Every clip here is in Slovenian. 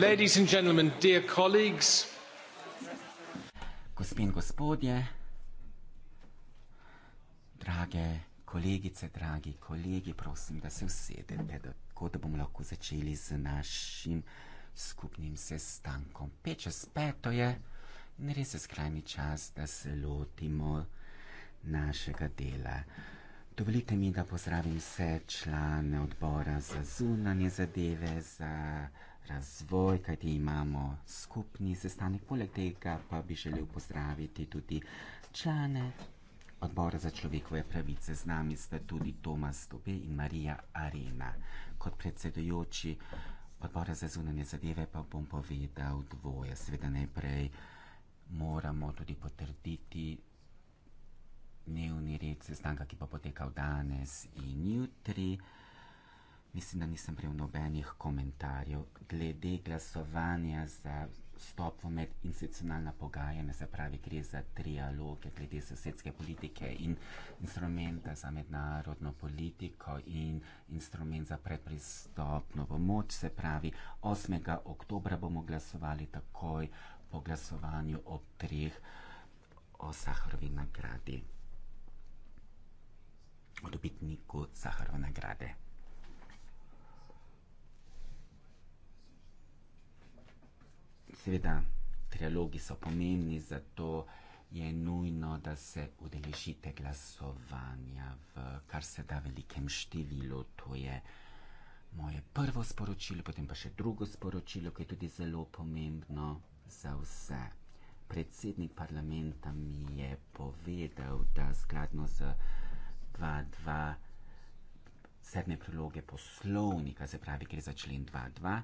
Ladies and gentlemen, dear colleagues. Gospe in gospodje, drage kolegice, dragi kolegi, prosim, da se usedete, tako da bomo lahko začeli z našim skupnim sestankom. Pet čez peto je in res je skrajni čas, da se lotimo našega dela. Dovolite mi, da pozdravim vse člane odbora za zunanje zadeve, za razvoj, kajti imamo skupni sestanek. Poleg tega pa bi želel pozdraviti tudi člane odbora za človekove pravice. Z nami sta tudi Tomas Dobe in Marija Arena. Kot predsedujoči odbora za zunanje zadeve pa bom povedal dvoje. Seveda najprej moramo tudi potrditi dnevni red sestanka, ki bo potekal danes in jutri mislim, da nisem prejel nobenih komentarjev glede glasovanja za stop v medinstitucionalna pogajanja, se pravi, gre za trialoge glede sosedske politike in instrumenta za mednarodno politiko in instrument za predpristopno pomoč, se pravi, 8. oktobra bomo glasovali takoj po glasovanju ob treh o Saharovi nagradi, o dobitniku Saharove nagrade. seveda, trialogi so pomembni, zato je nujno, da se udeležite glasovanja v kar se da velikem številu. To je moje prvo sporočilo, potem pa še drugo sporočilo, ki je tudi zelo pomembno za vse. Predsednik parlamenta mi je povedal, da skladno z 2.2 sedme priloge poslovnika, se pravi, gre za člen 2.2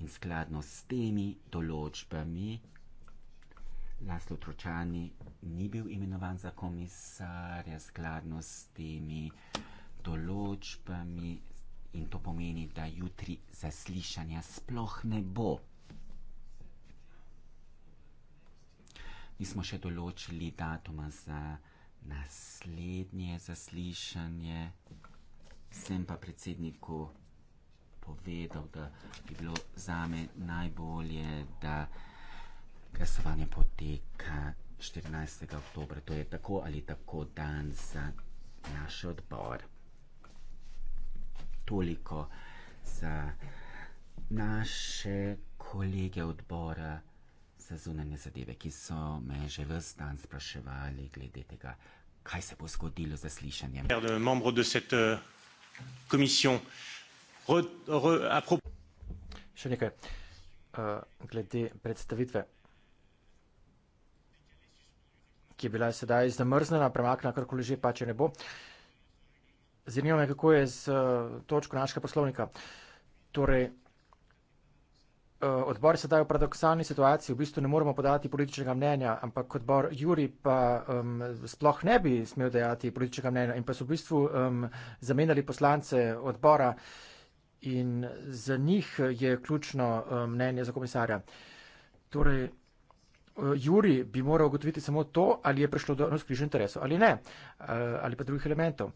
in skladno s temi določbami Laslo Tročani ni bil imenovan za komisarja skladno s temi določbami in to pomeni, da jutri zaslišanja sploh ne bo. Nismo še določili datuma za naslednje zaslišanje. Sem pa predsedniku povedal, da bi bilo zame najbolje, da glasovanje poteka 14. oktober. To je tako ali tako dan za naš odbor. Toliko za naše kolege odbora za zunanje zadeve, ki so me že vse dan spraševali glede tega, kaj se bo zgodilo z zaslišanjem. Ja, de, eh, membro de cette, uh, eh, komisijo re, re, apro... Še nekaj. Uh, glede predstavitve, ki je bila sedaj zamrznjena, premaknjena, karkoli že, pa če ne bo. Zanima me, kako je z uh, eh, točko našega poslovnika. Torej, uh, odbor sedaj v paradoksalni situaciji, v bistvu ne moramo podati političnega mnenja, ampak odbor Juri pa um, sploh ne bi smel dejati političnega mnenja in pa so v bistvu um, zamenjali poslance odbora. Uh, in za njih je ključno eh, mnenje za komisarja. Torej, eh, Juri bi moral ugotoviti samo to, ali je prišlo do razkrižja interesov ali ne, eh, ali pa drugih elementov.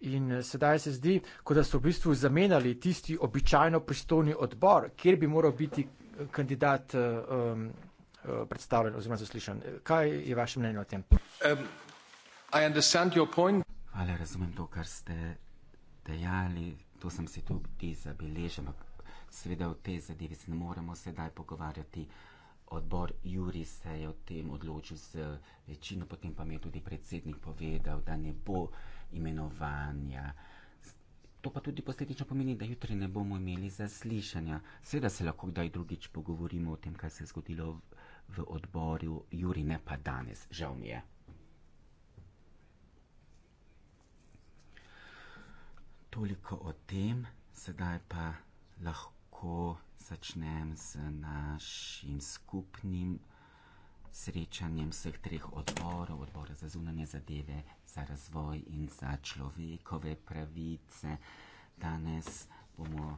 In sedaj se zdi, kot da so v bistvu zamenjali tisti običajno pristojni odbor, kjer bi moral biti kandidat um, predstavljen oziroma zaslišan. Kaj je vaše mnenje o tem? Um, Hvala, razumem to, kar ste dejali. To sem si tudi zabeležil. Sveda o tej zadevi se ne moremo sedaj pogovarjati. Odbor Juri se je o tem odločil z večino, potem pa mi je tudi predsednik povedal, da ne bo imenovanja. To pa tudi posledično pomeni, da jutri ne bomo imeli zaslišanja. Sveda se lahko kdaj drugič pogovorimo o tem, kaj se je zgodilo v odboru Juri, ne pa danes. Žal mi je. toliko o tem, sedaj pa lahko začnem z našim skupnim srečanjem vseh treh odborov, odbora za zunanje zadeve, za razvoj in za človekove pravice. Danes bomo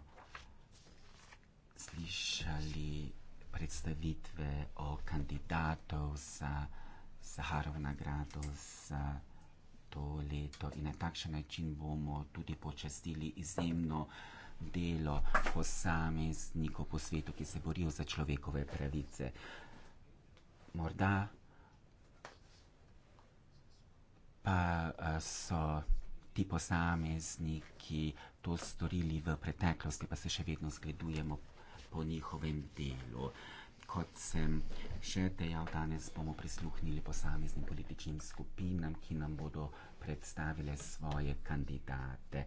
slišali predstavitve o kandidatov za Saharov nagrado za to leto in na takšen način bomo tudi počastili izjemno delo posameznikov po svetu, ki se borijo za človekove pravice. Morda pa so ti posamezniki to storili v preteklosti, pa se še vedno zgledujemo po njihovem delu kot sem še dejal, danes bomo prisluhnili posameznim političnim skupinam, ki nam bodo predstavile svoje kandidate.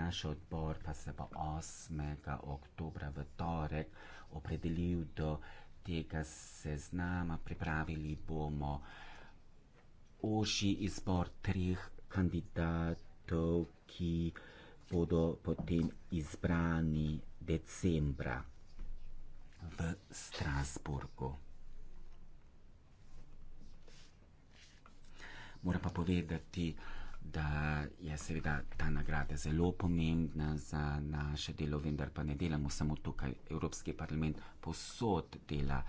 Naš odbor pa se bo 8. oktobra v torek opredelil do tega seznama. Pripravili bomo oši izbor treh kandidatov, ki bodo potem izbrani decembra v Strasburgu. Moram pa povedati, da je seveda ta nagrada zelo pomembna za naše delo, vendar pa ne delamo samo tukaj. Evropski parlament posod dela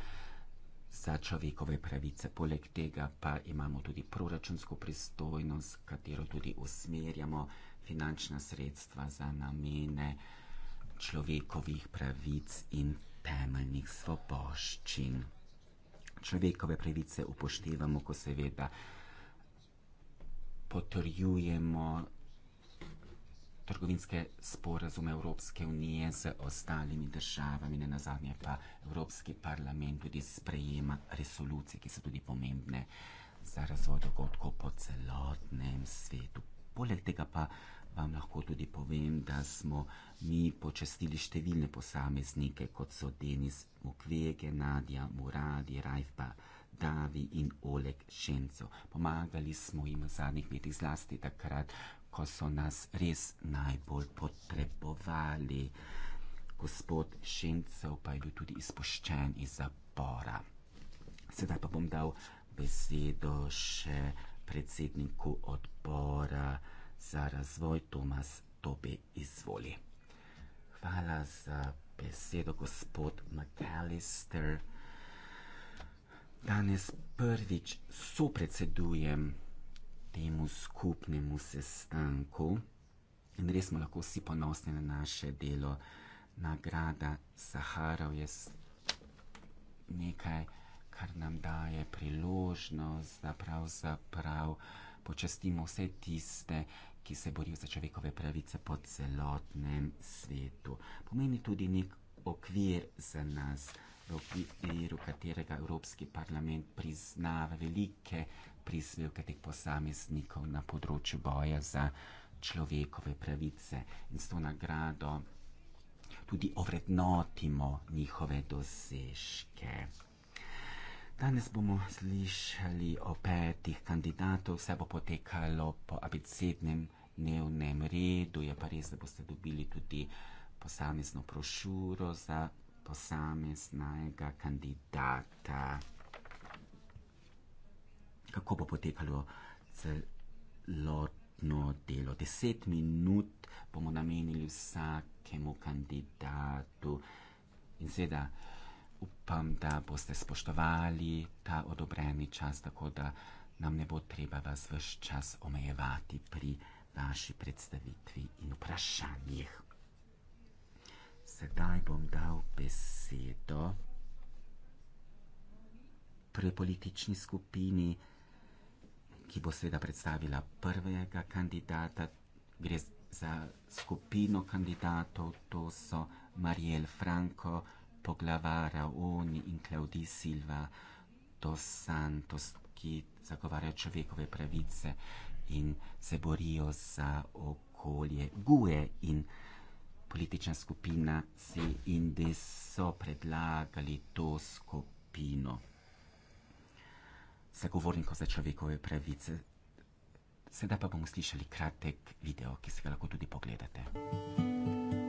za človekove pravice. Poleg tega pa imamo tudi proračunsko pristojnost, katero tudi usmerjamo finančna sredstva za namene človekovih pravic in temeljnih svoboščin. Človekove pravice upoštevamo, ko seveda potrjujemo trgovinske sporazume Evropske unije z ostalimi državami, ne nazadnje pa Evropski parlament tudi sprejema resolucije, ki so tudi pomembne za razvoj dogodkov po celotnem svetu. Poleg tega pa vam lahko tudi povem, da smo mi počestili številne posameznike, kot so Denis Mukwege, Nadja Muradi, Rajfa Davi in Oleg Šenco. Pomagali smo jim v zadnjih letih zlasti takrat, ko so nas res najbolj potrebovali. Gospod Šencov pa je bil tudi izpuščen iz zapora. Sedaj pa bom dal besedo še predsedniku odbora za razvoj Tomas Tobi izvoli. Hvala za besedo, gospod McAllister. Danes prvič sopredsedujem temu skupnemu sestanku in res smo lahko vsi ponosni na naše delo. Nagrada Saharov je nekaj, kar nam daje priložnost, da pravzaprav počastimo vse tiste, ki se borijo za človekove pravice po celotnem svetu. Pomeni tudi nek okvir za nas, v okviru katerega Evropski parlament priznava velike prispevke teh posameznikov na področju boja za človekove pravice in s to nagrado tudi ovrednotimo njihove dosežke. Danes bomo slišali o petih kandidatov, vse bo potekalo po abecednem dnevnem redu, je pa res, da boste dobili tudi posamezno brošuro za posameznega kandidata. Kako bo potekalo celotno delo? Deset minut bomo namenili vsakemu kandidatu in seveda upam, da boste spoštovali ta odobreni čas, tako da nam ne bo treba vas vse čas omejevati pri vaši predstavitvi in vprašanjih. Sedaj bom dal besedo prepolitični skupini, ki bo seveda predstavila prvega kandidata. Gre za skupino kandidatov, to so Marijel Franko, poglava Raoni in Claudi Silva dos Santos, ki zagovarjajo človekove pravice in se borijo za okolje. Gue in politična skupina si in de so predlagali to skupino zagovornikov za človekove pravice. Sedaj pa bomo slišali kratek video, ki se ga lahko tudi pogledate. Thank you.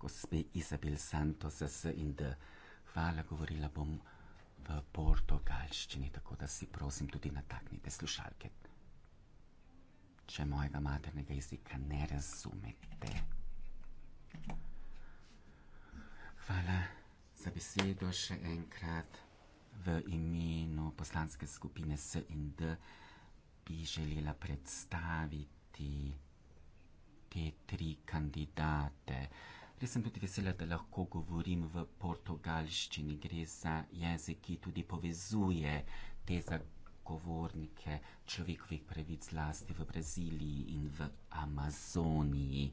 gospe Izabel Santos in da hvala, govorila bom v portugalščini, tako da si prosim tudi nataknite slušalke, če mojega maternega jezika ne razumete. Hvala za besedo še enkrat v imenu poslanske skupine SND bi želela predstaviti te tri kandidate. Uh, Res sem tudi vesela, da lahko govorim v portugalščini. Gre za jezik, ki tudi povezuje te zagovornike človekovih pravic, zlasti v Braziliji in v Amazoniji.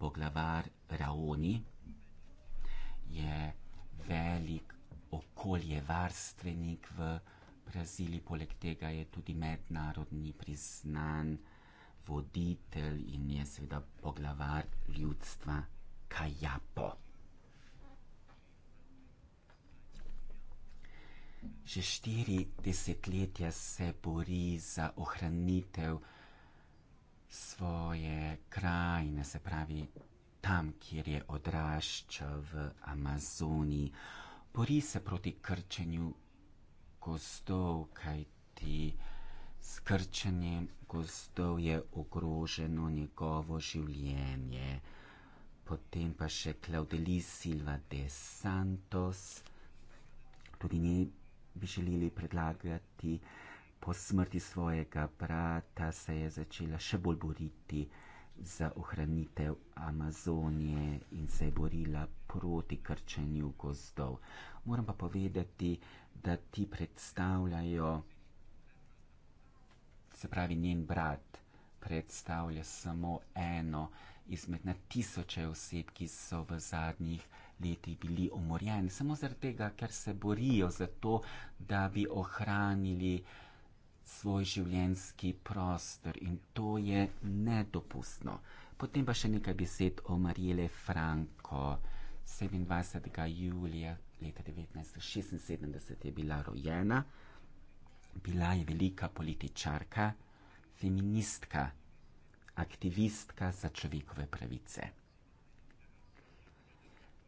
Poglavar Raoni je velik okoljevarstvenik v Braziliji, poleg tega je tudi mednarodni priznan voditelj in je seveda poglavar ljudstva. Kajapo. Že štiri desetletja se bori za ohranitev svoje krajine, se pravi tam, kjer je odraščal v Amazoniji. Bori se proti krčenju gozdov, kajti s krčenjem gozdov je ogroženo njegovo življenje potem pa še Claudelis Silva de Santos. Tudi njej bi želeli predlagati, po smrti svojega brata se je začela še bolj boriti za ohranitev Amazonije in se je borila proti krčenju gozdov. Moram pa povedati, da ti predstavljajo, se pravi njen brat predstavlja samo eno, izmed na tisoče oseb, ki so v zadnjih letih bili umorjeni, samo zaradi tega, ker se borijo za to, da bi ohranili svoj življenjski prostor in to je nedopustno. Potem pa še nekaj besed o Marijele Franko. 27. julija leta 1976 je bila rojena, bila je velika političarka, feministka, aktivistka za človekove pravice.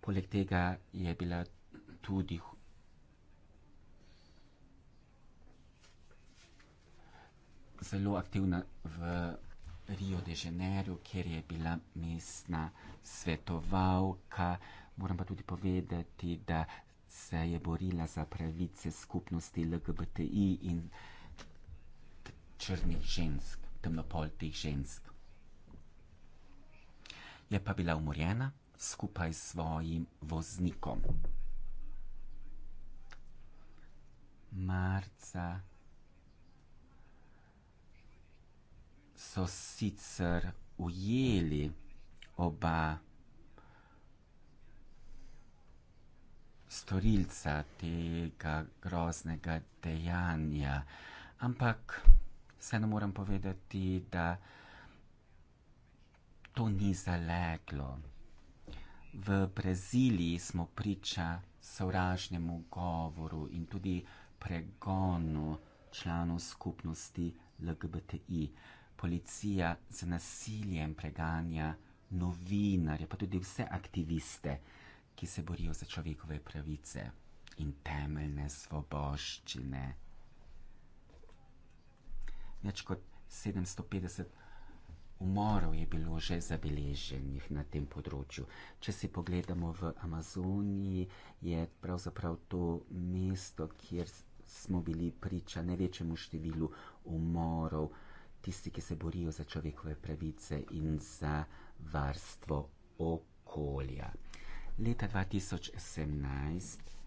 Poleg tega je bila tudi zelo aktivna v Rio de Janeiro, kjer je bila mestna svetovalka. Moram pa tudi povedati, da se je borila za pravice skupnosti LGBTI in črnih žensk, temnopoltih žensk je pa bila umorjena skupaj s svojim voznikom. Marca so sicer ujeli oba storilca tega groznega dejanja, ampak vseeno moram povedati, da to ni zaleglo. V Braziliji smo priča sovražnemu govoru in tudi pregonu članov skupnosti LGBTI. Policija z nasiljem preganja novinarje, pa tudi vse aktiviste, ki se borijo za človekove pravice in temeljne svoboščine. Več kot 750 umorov je bilo že zabeleženih na tem področju. Če si pogledamo v Amazoniji, je pravzaprav to mesto, kjer smo bili priča največjemu številu umorov, tisti, ki se borijo za človekove pravice in za varstvo okolja. Leta 2018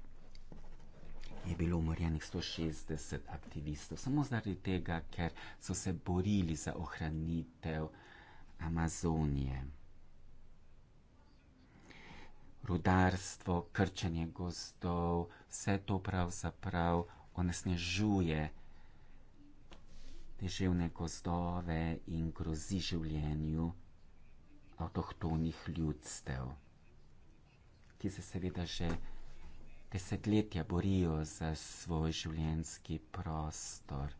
je bilo umorjenih 160 aktivistov, samo zaradi tega, ker so se borili za ohranitev Amazonije. Rudarstvo, krčenje gozdov, vse to pravzaprav onesnežuje deževne gozdove in grozi življenju avtohtonih ljudstev, ki se seveda že desetletja borijo za svoj življenjski prostor,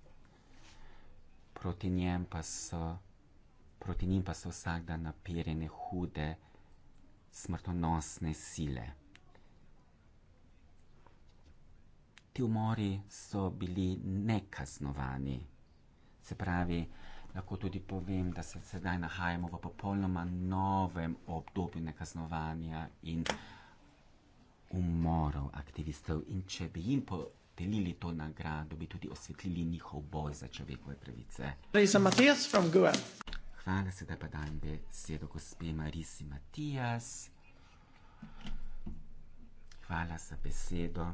proti njem pa so, proti njim pa so vsak dan napirjene hude, smrtonosne sile. Ti umori so bili nekaznovani. Se pravi, lahko tudi povem, da se sedaj nahajamo v popolnoma novem obdobju nekaznovanja in umorov aktivistov in če bi jim podelili to nagrado, bi tudi osvetlili njihov boj za človekove pravice. Hvala, sedaj pa dajem besedo gospe Marisi Matijas. Hvala za besedo.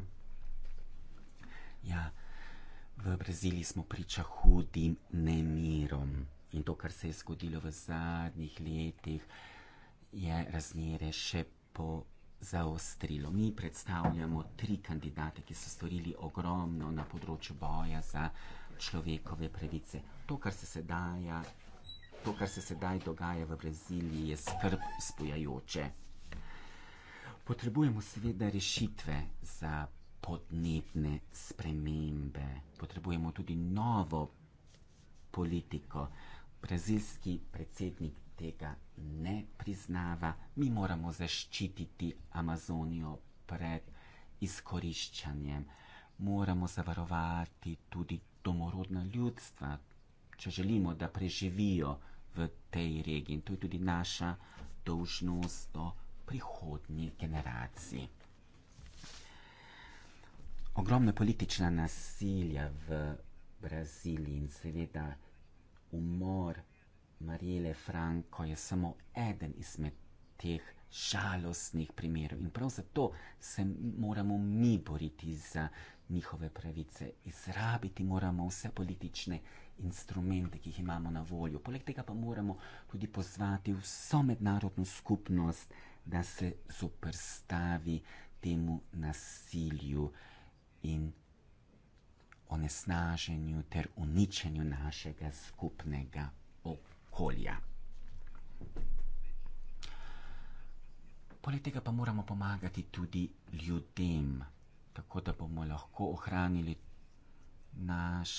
Ja, v Braziliji smo priča hudim nemirom in to, kar se je zgodilo v zadnjih letih, je razmere še po zaostrilo. Mi predstavljamo tri kandidate, ki so storili ogromno na področju boja za človekove pravice. To, kar se sedaj, to, kar se sedaj dogaja v Braziliji, je skrb spojajoče. Potrebujemo seveda rešitve za podnebne spremembe, potrebujemo tudi novo politiko. Brazilski predsednik tega ne priznava. Mi moramo zaščititi Amazonijo pred izkoriščanjem. Moramo zavarovati tudi domorodna ljudstva, če želimo, da preživijo v tej regiji. In to je tudi naša dolžnost do prihodnji generaciji. Ogromna politična nasilja v Braziliji in seveda umor Marijele Franko je samo eden izmed teh žalostnih primerov in prav zato se moramo mi boriti za njihove pravice. Izrabiti moramo vse politične instrumente, ki jih imamo na voljo. Poleg tega pa moramo tudi pozvati vso mednarodno skupnost, da se zoprstavi temu nasilju in onesnaženju ter uničenju našega skupnega okolja. Poleg tega pa moramo pomagati tudi ljudem, tako da bomo lahko ohranili naš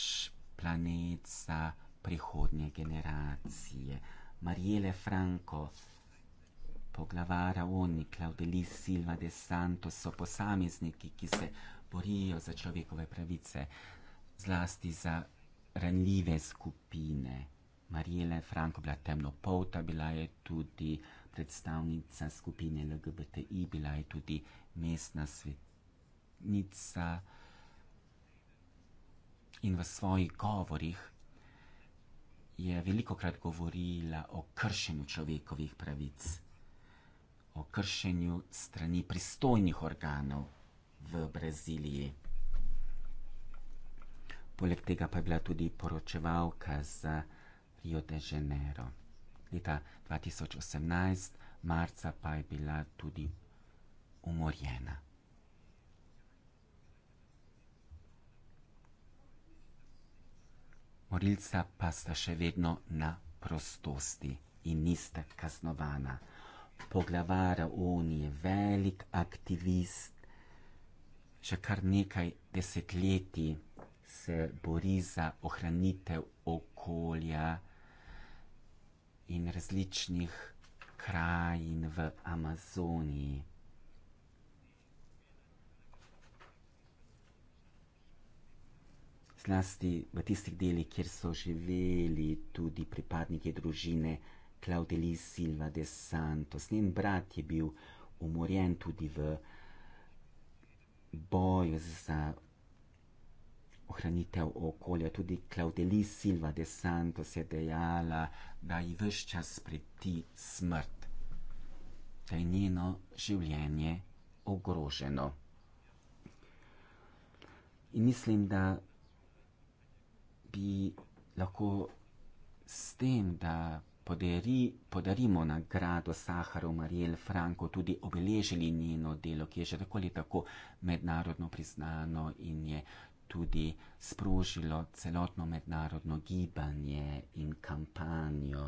planet za prihodnje generacije. Marijele Franco, poglavara Oni, Claudeli Silva de Santos so posamezniki, ki se borijo za človekove pravice, zlasti za ranljive skupine. Marijele Franko bila temnopolta, bila je tudi predstavnica skupine LGBTI, bila je tudi mestna svetnica in v svojih govorih je veliko krat govorila o kršenju človekovih pravic, o kršenju strani pristojnih organov v Braziliji. Poleg tega pa je bila tudi poročevalka za Rio de Janeiro. Leta 2018, marca pa je bila tudi umorjena. Morilca pa sta še vedno na prostosti in nista kaznovana. Poglavar Oni je velik aktivist, že kar nekaj desetletij se bori za ohranitev okolja in različnih krajin v Amazoniji. Zlasti v tistih delih, kjer so živeli tudi pripadniki družine Claudeli Silva de Santos. Njen brat je bil umorjen tudi v boju za ohranitev okolja. Tudi Klaudeli Silva de Santos je dejala, da ji vse čas preti smrt, da je njeno življenje ogroženo. In mislim, da bi lahko s tem, da podari, podarimo nagrado Saharu Marijel Franko, tudi obeležili njeno delo, ki je že tako ali tako mednarodno priznano in je tudi sprožilo celotno mednarodno gibanje in kampanjo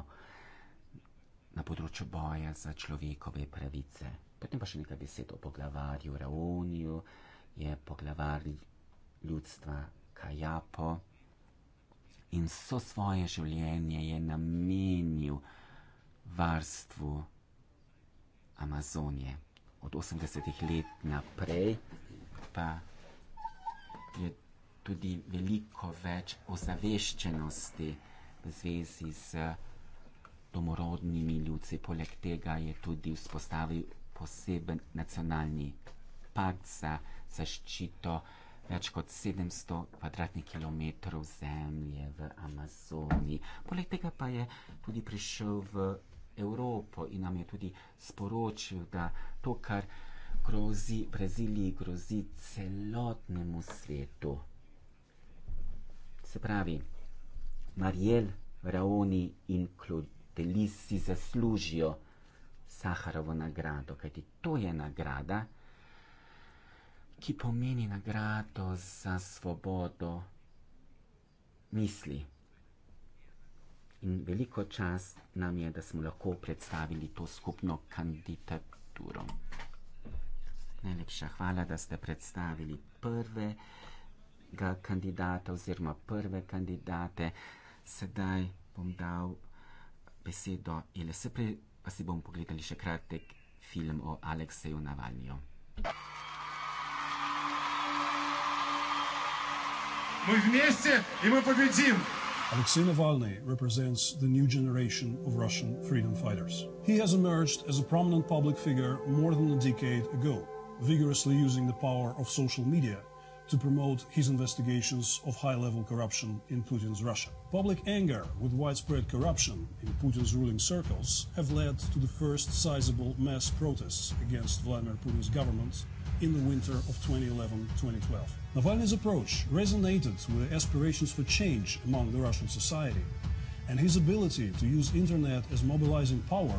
na področju boja za človekove pravice. Potem pa še nekaj besed o poglavarju Raoniju, je poglavar ljudstva Kajapo in so svoje življenje je namenil varstvu Amazonije. Od 80-ih let naprej pa je tudi veliko več ozaveščenosti v zvezi z domorodnimi ljudci. Poleg tega je tudi vzpostavil poseben nacionalni pakt za zaščito več kot 700 kvadratnih kilometrov zemlje v Amazoniji. Poleg tega pa je tudi prišel v Evropo in nam je tudi sporočil, da to, kar grozi Braziliji, grozi celotnemu svetu. Se pravi, Marijel, Raoni in Klodeli si zaslužijo Saharovo nagrado, kajti to je nagrada, ki pomeni nagrado za svobodo misli. In veliko čas nam je, da smo lahko predstavili to skupno kandidaturo. Najlepša hvala, da ste predstavili prve prvega kandidata oziroma prve kandidate. Sedaj bom dal besedo Ile Sepre, pa si bomo pogledali še kratek film o Alekseju Navalnijo. Мы вместе, и мы победим! Алексей Навальный represents the new generation of Russian freedom fighters. He has emerged as a prominent public figure more than a decade ago, vigorously using the power of social media to promote his investigations of high-level corruption in Putin's Russia. Public anger with widespread corruption in Putin's ruling circles have led to the first sizable mass protests against Vladimir Putin's government in the winter of 2011-2012. Navalny's approach resonated with aspirations for change among the Russian society, and his ability to use internet as mobilizing power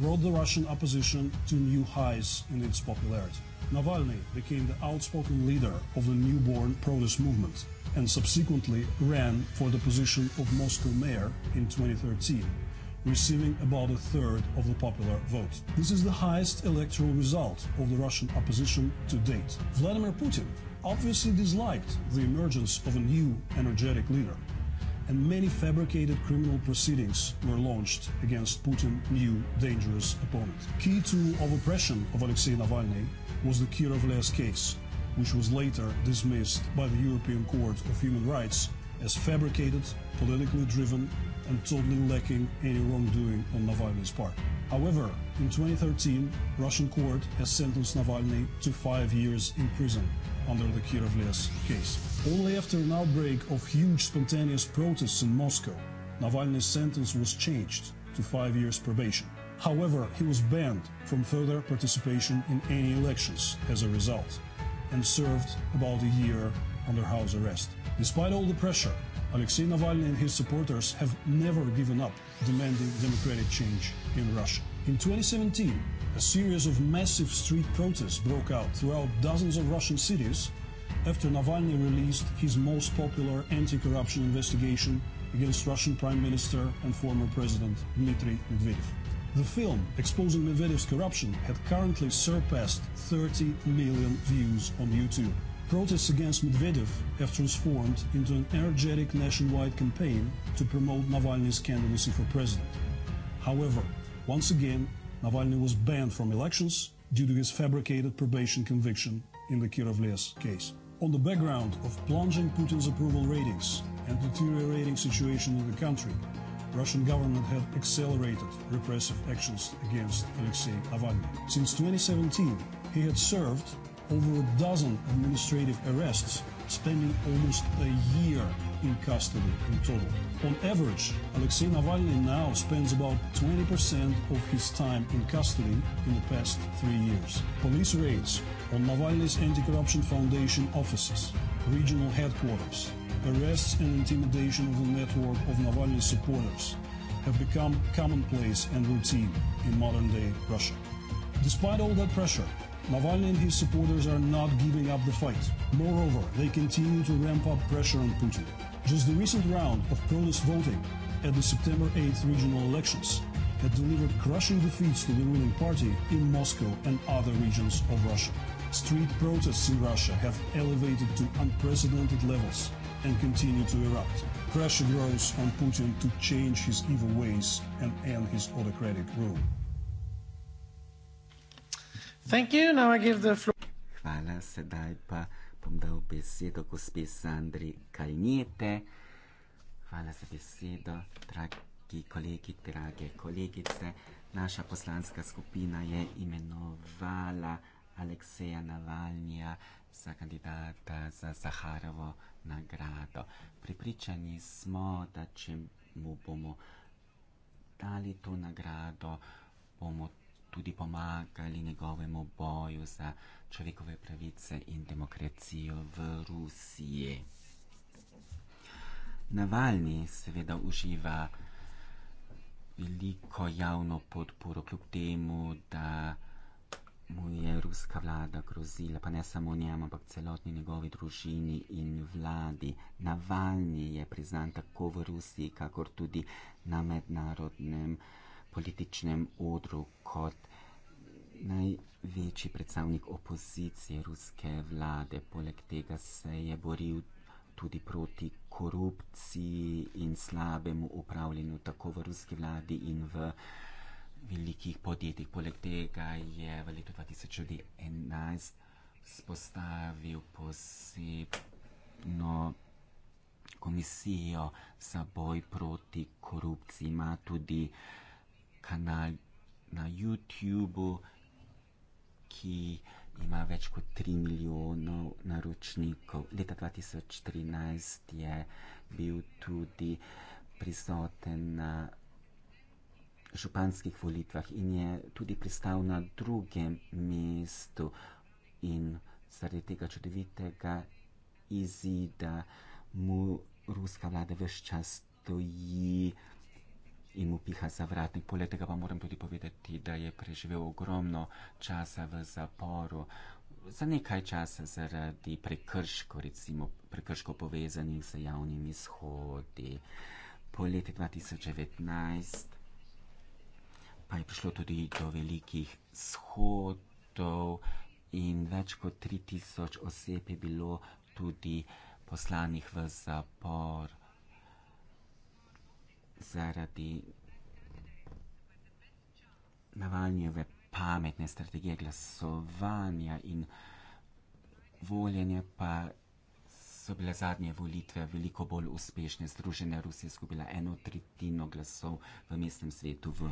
brought the Russian opposition to new highs in its popularity. Navalny became the outspoken leader of the newborn protest movement and subsequently ran for the position of Moscow mayor in 2013, receiving about a third of the popular vote. This is the highest electoral result of the Russian opposition to date. Vladimir Putin obviously disliked the emergence of a new energetic leader and many fabricated criminal proceedings were launched against Putin's new dangerous opponent. Key tool of oppression of Alexei Navalny was the Kirovlev's case, which was later dismissed by the European Court of Human Rights as fabricated, politically driven, and totally lacking any wrongdoing on Navalny's part. However, in 2013, Russian court has sentenced Navalny to five years in prison under the Kirov Les case. Only after an outbreak of huge spontaneous protests in Moscow, Navalny's sentence was changed to five years probation. However, he was banned from further participation in any elections as a result and served about a year under house arrest. Despite all the pressure, Alexei Navalny and his supporters have never given up demanding democratic change in Russia. In 2017, a series of massive street protests broke out throughout dozens of Russian cities after Navalny released his most popular anti corruption investigation against Russian Prime Minister and former President Dmitry Medvedev. The film exposing Medvedev's corruption had currently surpassed 30 million views on YouTube. Protests against Medvedev have transformed into an energetic nationwide campaign to promote Navalny's candidacy for president. However, once again, Navalny was banned from elections due to his fabricated probation conviction in the Kirovlez case. On the background of plunging Putin's approval ratings and deteriorating situation in the country, Russian government had accelerated repressive actions against Alexei Navalny. Since 2017, he had served over a dozen administrative arrests, spending almost a year in custody in total. On average, Alexei Navalny now spends about 20% of his time in custody in the past three years. Police raids on Navalny's Anti Corruption Foundation offices, regional headquarters, arrests and intimidation of the network of Navalny supporters have become commonplace and routine in modern day Russia. Despite all that pressure, Navalny and his supporters are not giving up the fight. Moreover, they continue to ramp up pressure on Putin. Just the recent round of protest voting at the September 8th regional elections had delivered crushing defeats to the ruling party in Moscow and other regions of Russia. Street protests in Russia have elevated to unprecedented levels and continue to erupt. Pressure grows on Putin to change his evil ways and end his autocratic rule. Thank you. Now I give the floor. Hvala, sedaj pa bom dal besedo gospe Sandri Kajnjete. Hvala za besedo, dragi kolegi, drage kolegice. Naša poslanska skupina je imenovala Alekseja Navalnija za kandidata za Zaharovo nagrado. Pripričani smo, da če mu bomo dali to nagrado, bomo tudi pomagali njegovemu boju za človekove pravice in demokracijo v Rusiji. Navalni seveda uživa veliko javno podporo, kljub temu, da mu je ruska vlada grozila, pa ne samo njemu, ampak celotni njegovi družini in vladi. Navalni je priznan tako v Rusiji, kakor tudi na mednarodnem področju političnem odru kot največji predstavnik opozicije ruske vlade. Poleg tega se je boril tudi proti korupciji in slabemu upravljanju tako v ruski vladi in v velikih podjetjih. Poleg tega je v letu 2011 spostavil posebno komisijo za boj proti korupciji. Ima tudi uh, ka na, na YouTubu, ki ima več kot 3 milijonov naročnikov. Leta 2013 je bil tudi prisoten na županskih volitvah in je tudi pristal na drugem mestu in zaradi tega čudovitega izida mu ruska vlada vse čas stoji in mu piha zavratnik. Poleg tega pa moram tudi povedati, da je preživel ogromno časa v zaporu, za nekaj časa zaradi prekrškov, recimo prekrškov povezanih z javnimi shodi. Po letu 2019 pa je prišlo tudi do velikih shodov in več kot 3000 oseb je bilo tudi poslanih v zapor zaradi navalnjeve pametne strategije glasovanja in voljenja pa so bile zadnje volitve veliko bolj uspešne. Združene Rusije izgubila eno tretjino glasov v mestnem svetu v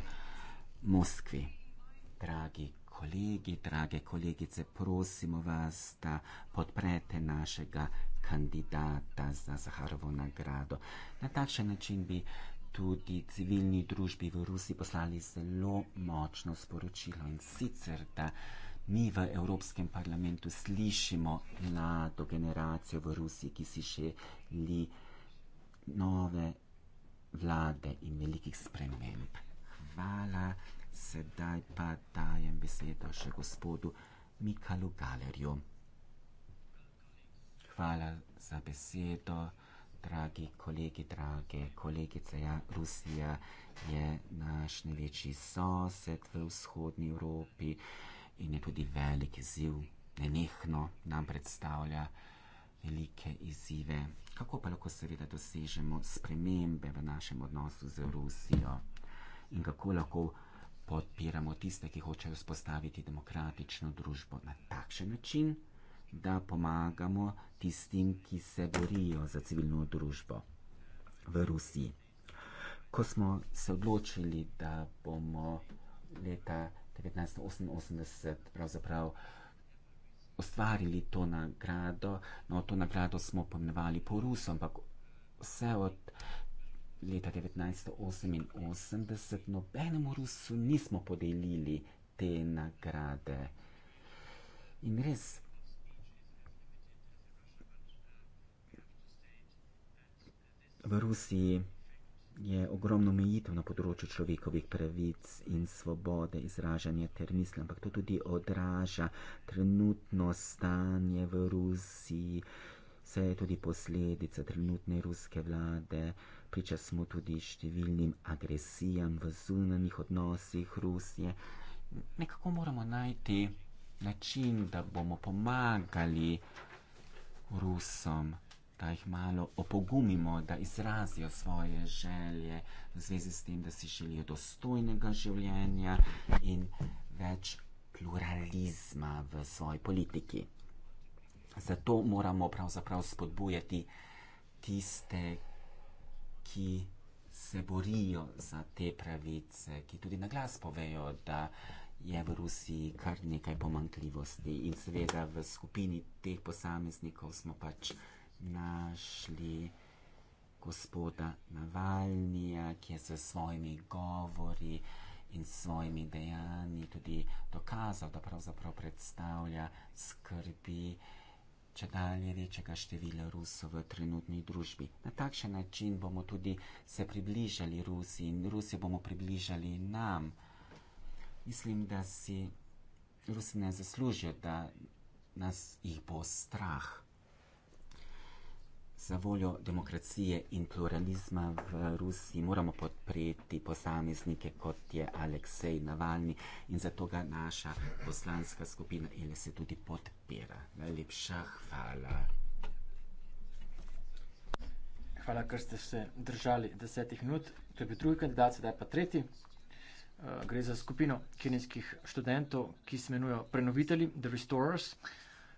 Moskvi. Dragi kolegi, drage kolegice, prosimo vas, da podprete našega kandidata za Zaharovo nagrado. Na takšen način bi tudi civilni družbi v Rusiji poslali zelo močno sporočilo in sicer, da mi v Evropskem parlamentu slišimo mlado generacijo v Rusiji, ki si želi nove vlade in velikih sprememb. Hvala, sedaj pa dajem besedo še gospodu Mikalu Galerju. Hvala za besedo dragi kolegi, drage kolegice, ja, Rusija je naš največji sosed v vzhodnji Evropi in je tudi velik izziv, nenehno nam predstavlja velike izzive. Kako pa lahko seveda dosežemo spremembe v našem odnosu z Rusijo in kako lahko podpiramo tiste, ki hočejo spostaviti demokratično družbo na takšen način? da pomagamo tistim, ki se borijo za civilno družbo v Rusiji. Ko smo se odločili, da bomo leta 1988 pravzaprav ustvarili to nagrado, no to nagrado smo pomenovali po Rusu, ampak vse od leta 1988 nobenemu Rusu nismo podelili te nagrade. In res, v Rusiji je ogromno omejitev na področju človekovih pravic in svobode izražanja ter misli, ampak to tudi odraža trenutno stanje v Rusiji, vse je tudi posledica trenutne ruske vlade, priča smo tudi številnim agresijam v zunanjih odnosih Rusije. Nekako moramo najti način, da bomo pomagali Rusom da jih malo opogumimo, da izrazijo svoje želje v zvezi s tem, da si želijo dostojnega življenja in več pluralizma v svoji politiki. Zato moramo pravzaprav spodbujati tiste, ki se borijo za te pravice, ki tudi na glas povejo, da je v Rusiji kar nekaj pomankljivosti. In seveda v skupini teh posameznikov smo pač našli gospoda Navalnija, ki je s svojimi govori in svojimi dejanji tudi dokazal, da pravzaprav predstavlja skrbi če dalje večjega števila Rusov v trenutni družbi. Na takšen način bomo tudi se približali Rusi in Rusi bomo približali nam. Mislim, da si Rusi ne zaslužijo, da nas jih bo strah. Za voljo demokracije in pluralizma v Rusiji moramo podpreti posameznike, kot je Aleksej Navalni in zato ga naša poslanska skupina LS tudi podpira. Najlepša hvala. Hvala, ker ste se držali desetih minut. To je bil drugi kandidat, sedaj pa tretji. Eh, gre za skupino kenijskih študentov, ki se imenujejo prenovitelji, The Restorers.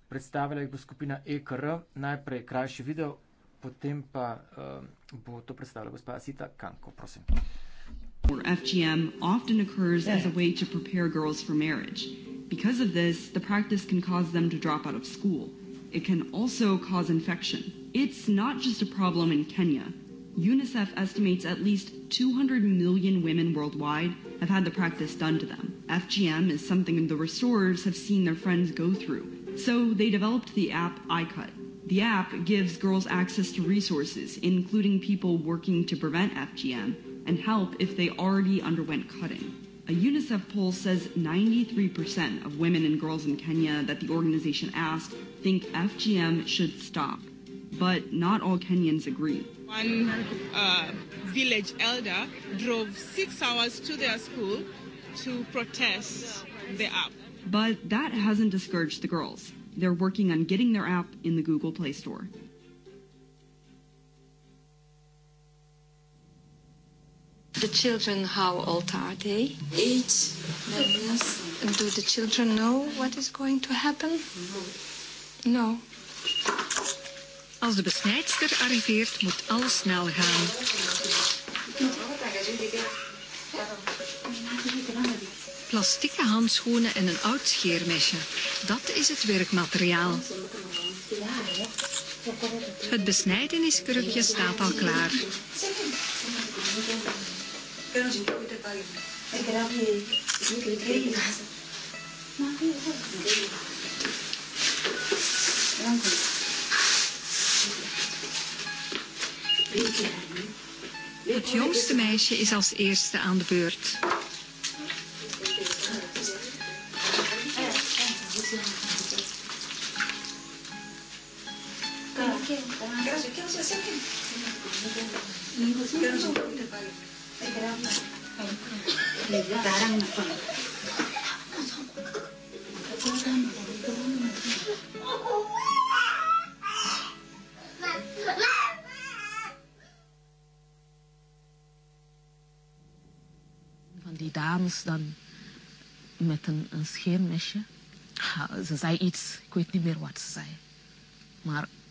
Predstavila jih bo skupina EKR, najprej krajši video potem pa uh, bo to predstavila gospa Sita Kanko, prosim. FGM often occurs as a way to prepare girls for marriage. Because of this, the practice can cause them to drop out of school. It can also cause infection. It's not just a problem in Kenya. UNICEF estimates at least 200 million women worldwide have had the practice done to them. FGM is something the restorers have seen their friends go through, so they developed the app iCut. The app gives girls access to resources, including people working to prevent FGM and help if they already underwent cutting. A UNICEF poll says 93% of women and girls in Kenya that the organization asked think FGM should stop. But not all Kenyans agree. One uh, village elder drove six hours to their school to protest the app. But that hasn't discouraged the girls they're working on getting their app in the Google Play Store. The children, how old are they? Eight. Do the children know what is going to happen? No. Als de besnijdster arriveert, moet alles snel gaan. Ja plastieke handschoenen en een oud scheermesje. Dat is het werkmateriaal. Het besnijdeniskrukje staat al klaar. Het jongste meisje is als eerste aan de beurt. Van die dames dan met een, een scheermesje. Ha, ze zei iets, ik weet niet meer wat ze zei. Maar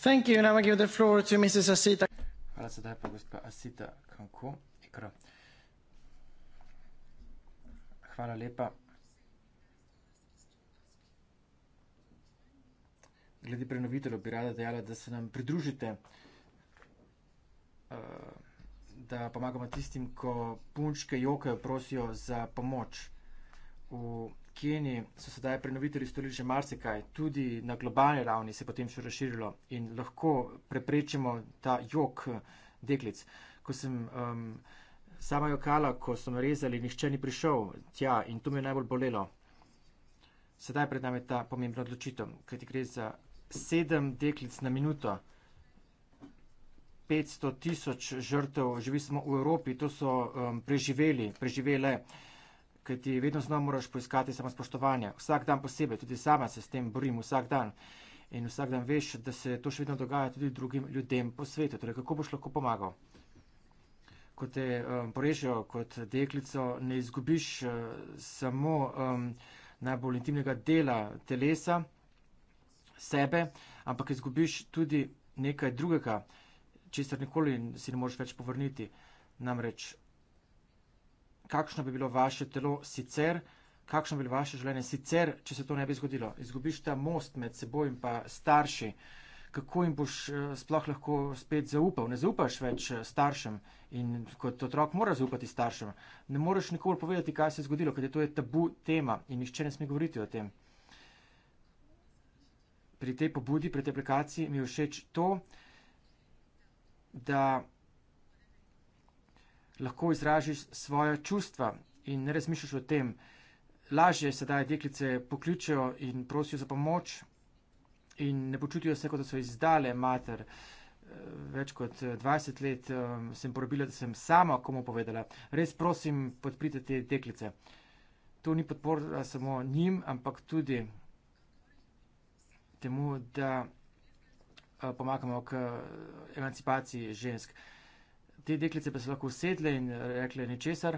Thank you. Now I give the floor to Mrs. Asita. Hvala sedaj pa gospa Asita Kanko. Ikra. Hvala lepa. Glede prenovitelov bi rada dejala, da se nam pridružite, eh, da pomagamo tistim, ko punčke jokajo, prosijo za pomoč. V Keniji so sedaj prenovitelji storili že marsikaj, tudi na globalni ravni se je potem še razširilo in lahko preprečimo ta jok eh, deklic. Ko sem um, sama jokala, ko so me rezali, nihče ni prišel tja in to mi je najbolj bolelo. Sedaj pred nami je ta pomembna odločitev, kajti gre za sedem deklic na minuto. 500 tisoč žrtev živi samo v Evropi, to so um, preživeli, preživele kajti vedno znova moraš poiskati samo spoštovanje. Vsak dan posebej, tudi sama se s tem borim, vsak dan. In vsak dan veš, da se to še vedno dogaja tudi drugim ljudem po svetu. Torej, kako boš lahko pomagal? Ko te um, porežejo kot deklico, ne izgubiš uh, samo um, najbolj intimnega dela telesa, sebe, ampak izgubiš tudi nekaj drugega, česar nikoli si ne moreš več povrniti. Namreč kakšno bi bilo vaše telo sicer, kakšno bi bilo vaše življenje sicer, če se to ne bi zgodilo. Izgubiš ta most med seboj in pa starši. Kako jim boš eh, sploh lahko spet zaupal? Ne zaupaš več eh, staršem in kot otrok moraš zaupati staršem. Ne moreš nikoli povedati, kaj se je zgodilo, ker je to tabu tema in nišče ne sme govoriti o tem. Pri tej pobudi, pri tej aplikaciji mi je všeč to, da lahko izražiš svoje čustva in ne razmišljaš o tem. Lažje sedaj deklice pokličejo in prosijo za pomoč in ne počutijo se, kot da so izdale mater. Več kot 20 eh, let eh, sem porobila, da sem sama komu povedala. Res prosim, podprite te deklice. To ni podpora samo njim, ampak tudi temu, da eh, pomagamo k emancipaciji žensk te deklice pa so lahko usedle in eh, rekle ničesar,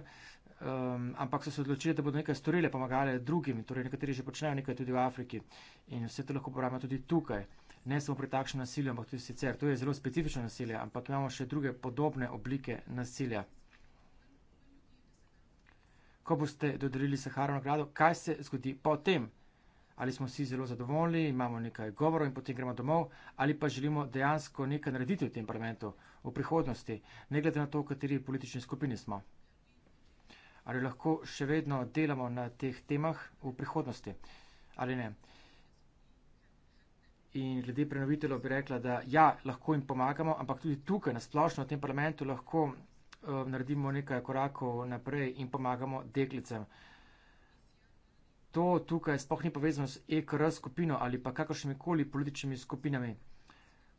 um, ampak so se odločile, da bodo nekaj storile, pomagale drugim, torej nekateri že počnejo nekaj tudi v Afriki in vse to lahko uporabljamo tudi tukaj. Ne samo pri takšnem nasilju, ampak tudi sicer. To je zelo specifično nasilje, ampak imamo še druge podobne oblike nasilja. Ko boste dodelili Saharovo nagrado, kaj se zgodi potem? ali smo vsi zelo zadovoljni, imamo nekaj govorov in potem gremo domov, ali pa želimo dejansko nekaj narediti v tem parlamentu v prihodnosti, ne glede na to, v kateri politični skupini smo. Ali lahko še vedno delamo na teh temah v prihodnosti ali ne. In glede prenovitelov bi rekla, da ja, lahko jim pomagamo, ampak tudi tukaj na splošno v tem parlamentu lahko uh, naredimo nekaj korakov naprej in pomagamo deklicam. Uh, to tukaj sploh ni povezano s EKR skupino ali pa kakršnimi koli političnimi skupinami.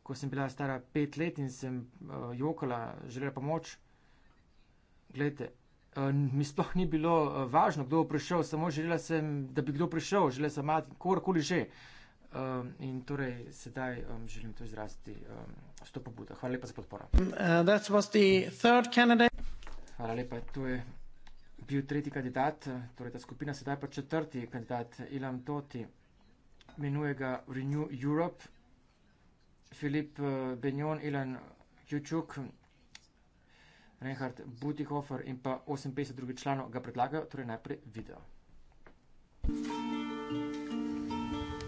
Ko sem bila stara pet let in sem uh, jokala, želela pomoč, gledajte, uh, eh, mi sploh ni bilo uh, važno, kdo bo prišel, samo želela sem, da bi kdo prišel, želela sem imati korkoli že. Um, in torej sedaj um, želim to izraziti um, s to pobudo. Hvala lepa za podporo. Uh, Hvala lepa, to je bil tretji kandidat, torej ta skupina sedaj pa četrti kandidat, Ilam Toti, menuje ga Renew Europe, Filip eh, Benjon, Ilan Jučuk, Reinhard Butihofer in pa 58 drugih članov ga predlagajo, torej najprej video.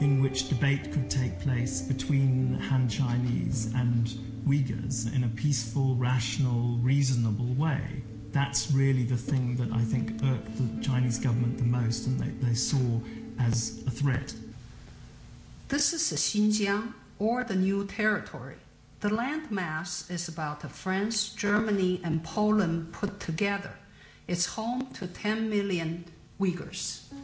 in which debate could take place between Han Chinese and Uyghurs in a peaceful, rational, reasonable way. That's really the thing that I think irked the Chinese government the most and they, they saw as a threat. This is the Xinjiang, or the New Territory. The landmass is about France, Germany, and Poland put together. It's home to 10 million Uyghurs. Mm.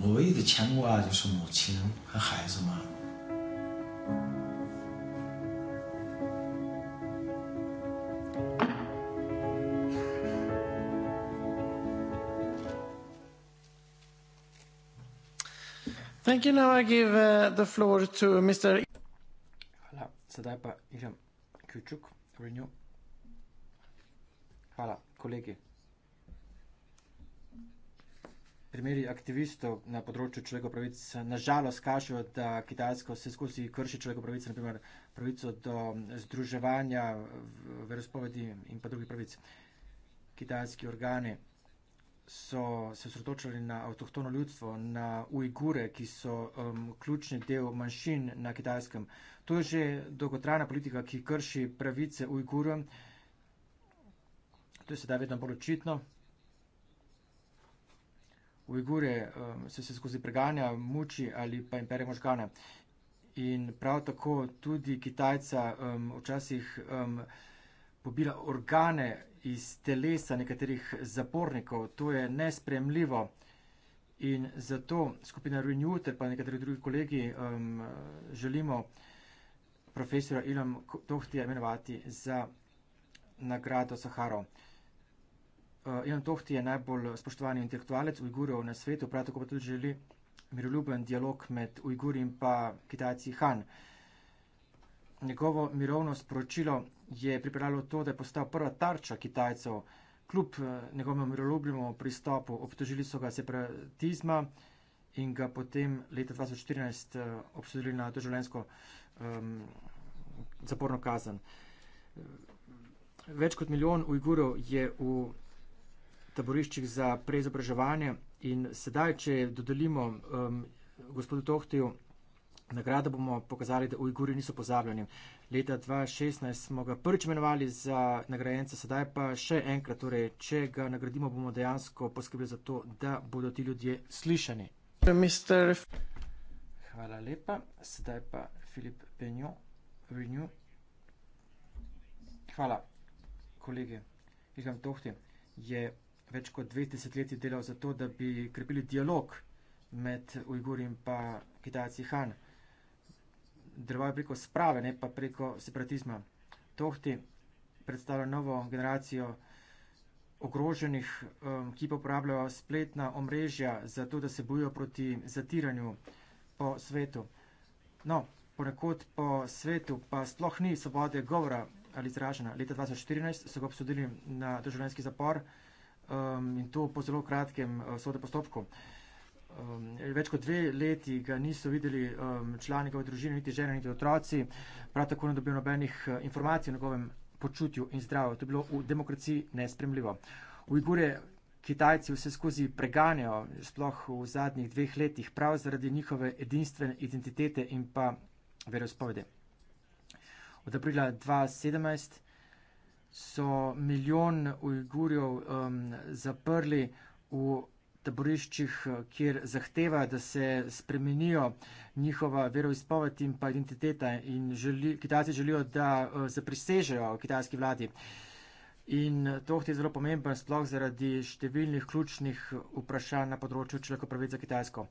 我唯一的牵挂就是母亲和孩子嘛。Thank you. Now I give、uh, the floor to Mr. 好了，现在把一张 Q 纸给你。好了，colleague。primeri aktivistov na področju človekov pravic nažalost kažejo, da Kitajsko vse skozi krši človekov pravic, naprimer pravico do združevanja verospovedi in pa drugih pravic. Kitajski organi so se osredotočili na avtohtono ljudstvo, na ujgure, ki so um, ključni del manjšin na Kitajskem. To je že dolgotrajna politika, ki krši pravice ujgurom. To je sedaj vedno bolj očitno. Ujgure um, se, se skozi preganja, muči ali pa imperije možgane. In prav tako tudi Kitajca um, včasih um, pobira organe iz telesa nekaterih zapornikov. To je nespremljivo. In zato skupina Renewter pa nekateri drugi kolegi um, želimo profesora Ilham Tohtija imenovati za nagrado Saharo. Uh, eh, Jan Tohti je najbolj spoštovani intelektualec Ujgurov na svetu, prav tako pa tudi želi miroljuben dialog med Ujguri in pa Kitajci Han. Njegovo mirovno sporočilo je pripravljalo to, da je postal prva tarča Kitajcev, kljub eh, njegovemu miroljubnemu pristopu. Obtožili so ga separatizma in ga potem leta 2014 eh, obsodili na doživljensko um, ehm, zaporno kazen. Več kot milijon Ujgurov je v taboriščih za preizobraževanje. In sedaj, če dodelimo um, gospodu Tohtiju nagrado, bomo pokazali, da Ujguri niso pozabljeni. Leta 2016 smo ga prvič imenovali za nagrajenca, sedaj pa še enkrat, torej, če ga nagradimo, bomo dejansko poskrbeli za to, da bodo ti ljudje slišani. Mister. Hvala lepa. Sedaj pa Filip Benjo. Hvala, kolege. Igram Tohtij je več kot dve desetletji delal za to, da bi krepili dialog med Ujguri in pa Kitajci Han. Drvajo preko sprave, ne pa preko separatizma. Tohti predstavlja novo generacijo ogroženih, um, ki pa uporabljajo spletna omrežja za to, da se bojo proti zatiranju po svetu. No, ponekod po svetu pa sploh ni svobode govora ali izražena. Leta 2014 so ga obsodili na državljanski zapor um, in to po zelo kratkem uh, sodnem postopku. Um, več kot dve leti ga niso videli um, člani njegove družine, niti žene, niti otroci, prav tako ne dobijo nobenih uh, informacij o njegovem počutju in zdravju. To je bilo v demokraciji nespremljivo. V Igure Kitajci vse skozi preganjajo, sploh v zadnjih dveh letih, prav zaradi njihove edinstvene identitete in pa verospovede. Od aprila 2017 so milijon Ujgurjev um, zaprli v taboriščih, eh, kjer zahteva, da se spremenijo njihova veroizpoved in pa identiteta in želi, kitajci želijo, da uh, eh, zaprisežejo kitajski vladi. In eh, to je zelo pomemben sploh zaradi številnih ključnih vprašanj na področju človekov pravic za kitajsko.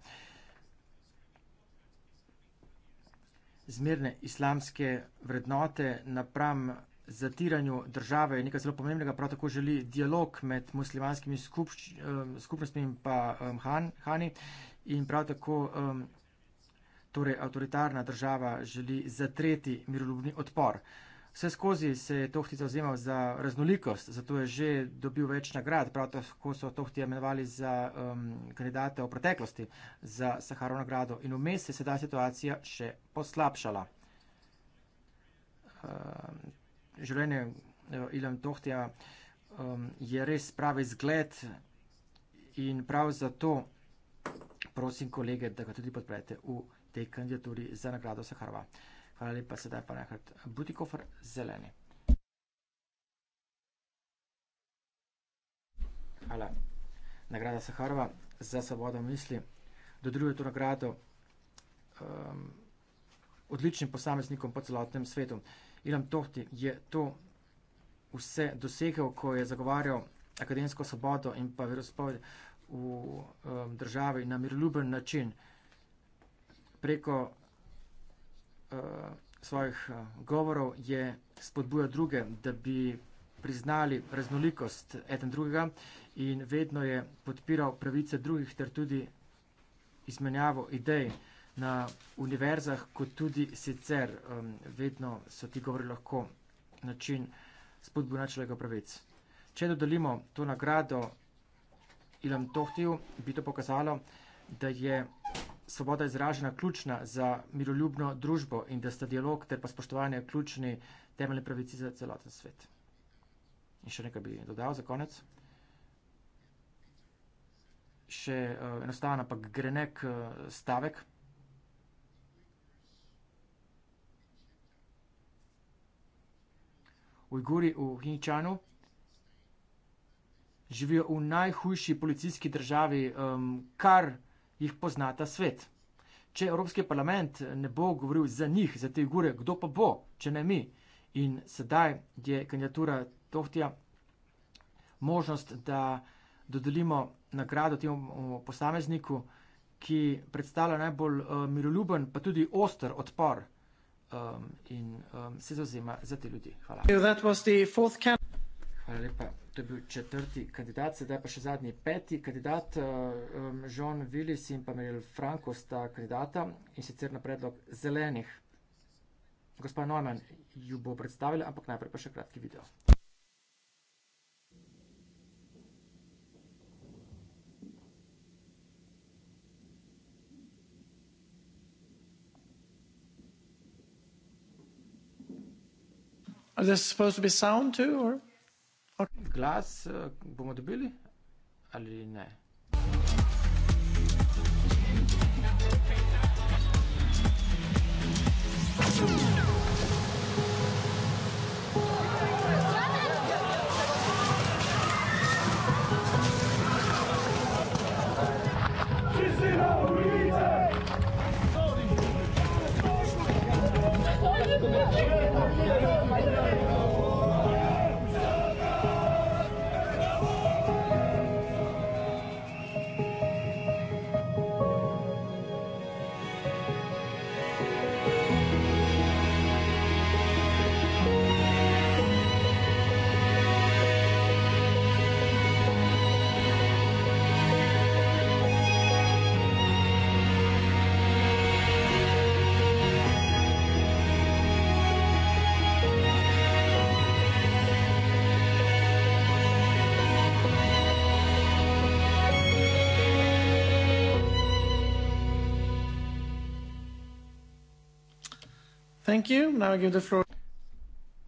Zmerne islamske vrednote napram zatiranju države je nekaj zelo pomembnega, prav tako želi dialog med muslimanskimi skupč, um, skupnostmi in pa um, Han, Hani in prav tako um, torej avtoritarna država želi zatreti miroljubni odpor. Vse skozi se je Tohti zauzemal za raznolikost, zato je že dobil več nagrad, prav tako so Tohti imenovali za um, kandidate v preteklosti za Saharo nagrado in vmes se je sedaj situacija še poslabšala. Um, življenje eh, Ilem Tohtja um, je res pravi zgled in prav zato prosim kolege, da ga tudi podprete v tej kandidaturi za nagrado Saharova. Hvala lepa, sedaj pa nekrat Butikofer zeleni. Hvala. Nagrada Saharova za svobodo misli. Dodruje to nagrado um, odličnim posameznikom po celotnem svetu. Uh, Ilan Tohti je to vse dosegel, ko je zagovarjal akademsko svobodo in pa verospoved v um, državi na miroljuben način preko uh, svojih uh, govorov je spodbujal druge, da bi priznali raznolikost eden drugega in vedno je podpiral pravice drugih ter tudi izmenjavo idej na univerzah, kot tudi sicer um, vedno so ti govori lahko način spodbuna človeka pravic. Če dodelimo to nagrado Ilam Tohtiju, bi to pokazalo, da je svoboda izražena ključna za miroljubno družbo in da sta dialog ter pa spoštovanje ključni temeljni pravici za celoten svet. In še nekaj bi dodal za konec. Še uh, enostavno pa grenek uh, stavek. Ujguri v Hinčanu živijo v najhujši policijski državi, um, kar jih poznata svet. Če Evropski parlament ne bo govoril za njih, za te Ujgure, kdo pa bo, če ne mi? In sedaj je kandidatura Tohtija možnost, da dodelimo nagrado temu posamezniku, ki predstavlja najbolj uh, miroljuben, pa tudi oster odpor um, in um, se zauzema za te ljudi. Hvala. Hvala lepa. To je bil četrti kandidat, sedaj pa še zadnji peti kandidat. Uh, um, Jean Willis in pa Meril Franco sta kandidata in sicer na predlog zelenih. Gospa Norman ju bo predstavila, ampak najprej pa še kratki video. Are this supposed to be sound too, or? Okay. Glas eh, bomo dobili ali ne? Thank you. Thank you. Now I give the floor.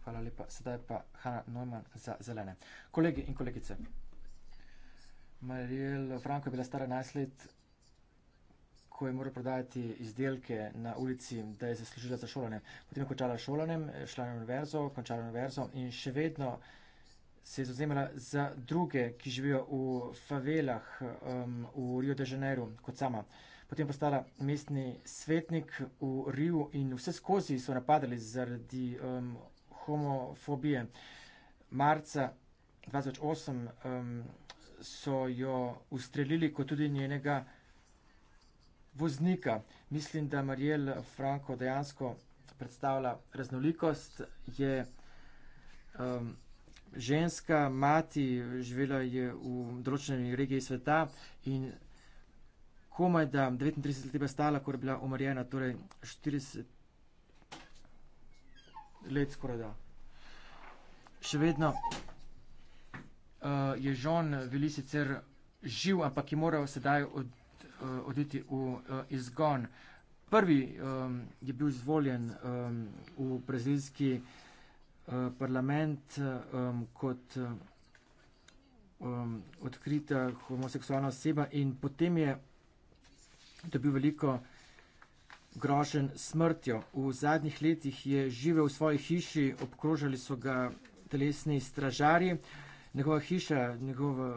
Hvala lepa. Sedaj pa Hanna Neumann za zelene. Kolegi in kolegice, Mariel Franko je bila stara 11 let, ko je morala prodajati izdelke na ulici, da je zaslužila za šolanje. Potem je končala šolanje, šla na univerzo, končala univerzo in še vedno se je zauzemala za druge, ki živijo v favelah um, v Rio de Janeiro kot sama. Uh, potem postala mestni svetnik v Riju in vse skozi so napadali zaradi um, homofobije. Marca 2008 um, so jo ustrelili, kot tudi njenega voznika. Mislim, da Marijel Franco dejansko predstavlja raznolikost. Je um, ženska, mati, živela je v določeni regiji sveta in komaj da 39 let je stala, ko je bila umrjena, torej 40 let skoraj da. Še vedno uh, je žon veli sicer živ, ampak je moral sedaj od, uh, oditi v uh, izgon. Prvi um, je bil izvoljen um, v brazilski uh, parlament um, kot um, odkrita homoseksualna oseba in potem je dobil veliko grožen smrtjo. V zadnjih letih je živel v svoji hiši, obkrožali so ga telesni stražarji. Njegova hiša, njegovo uh,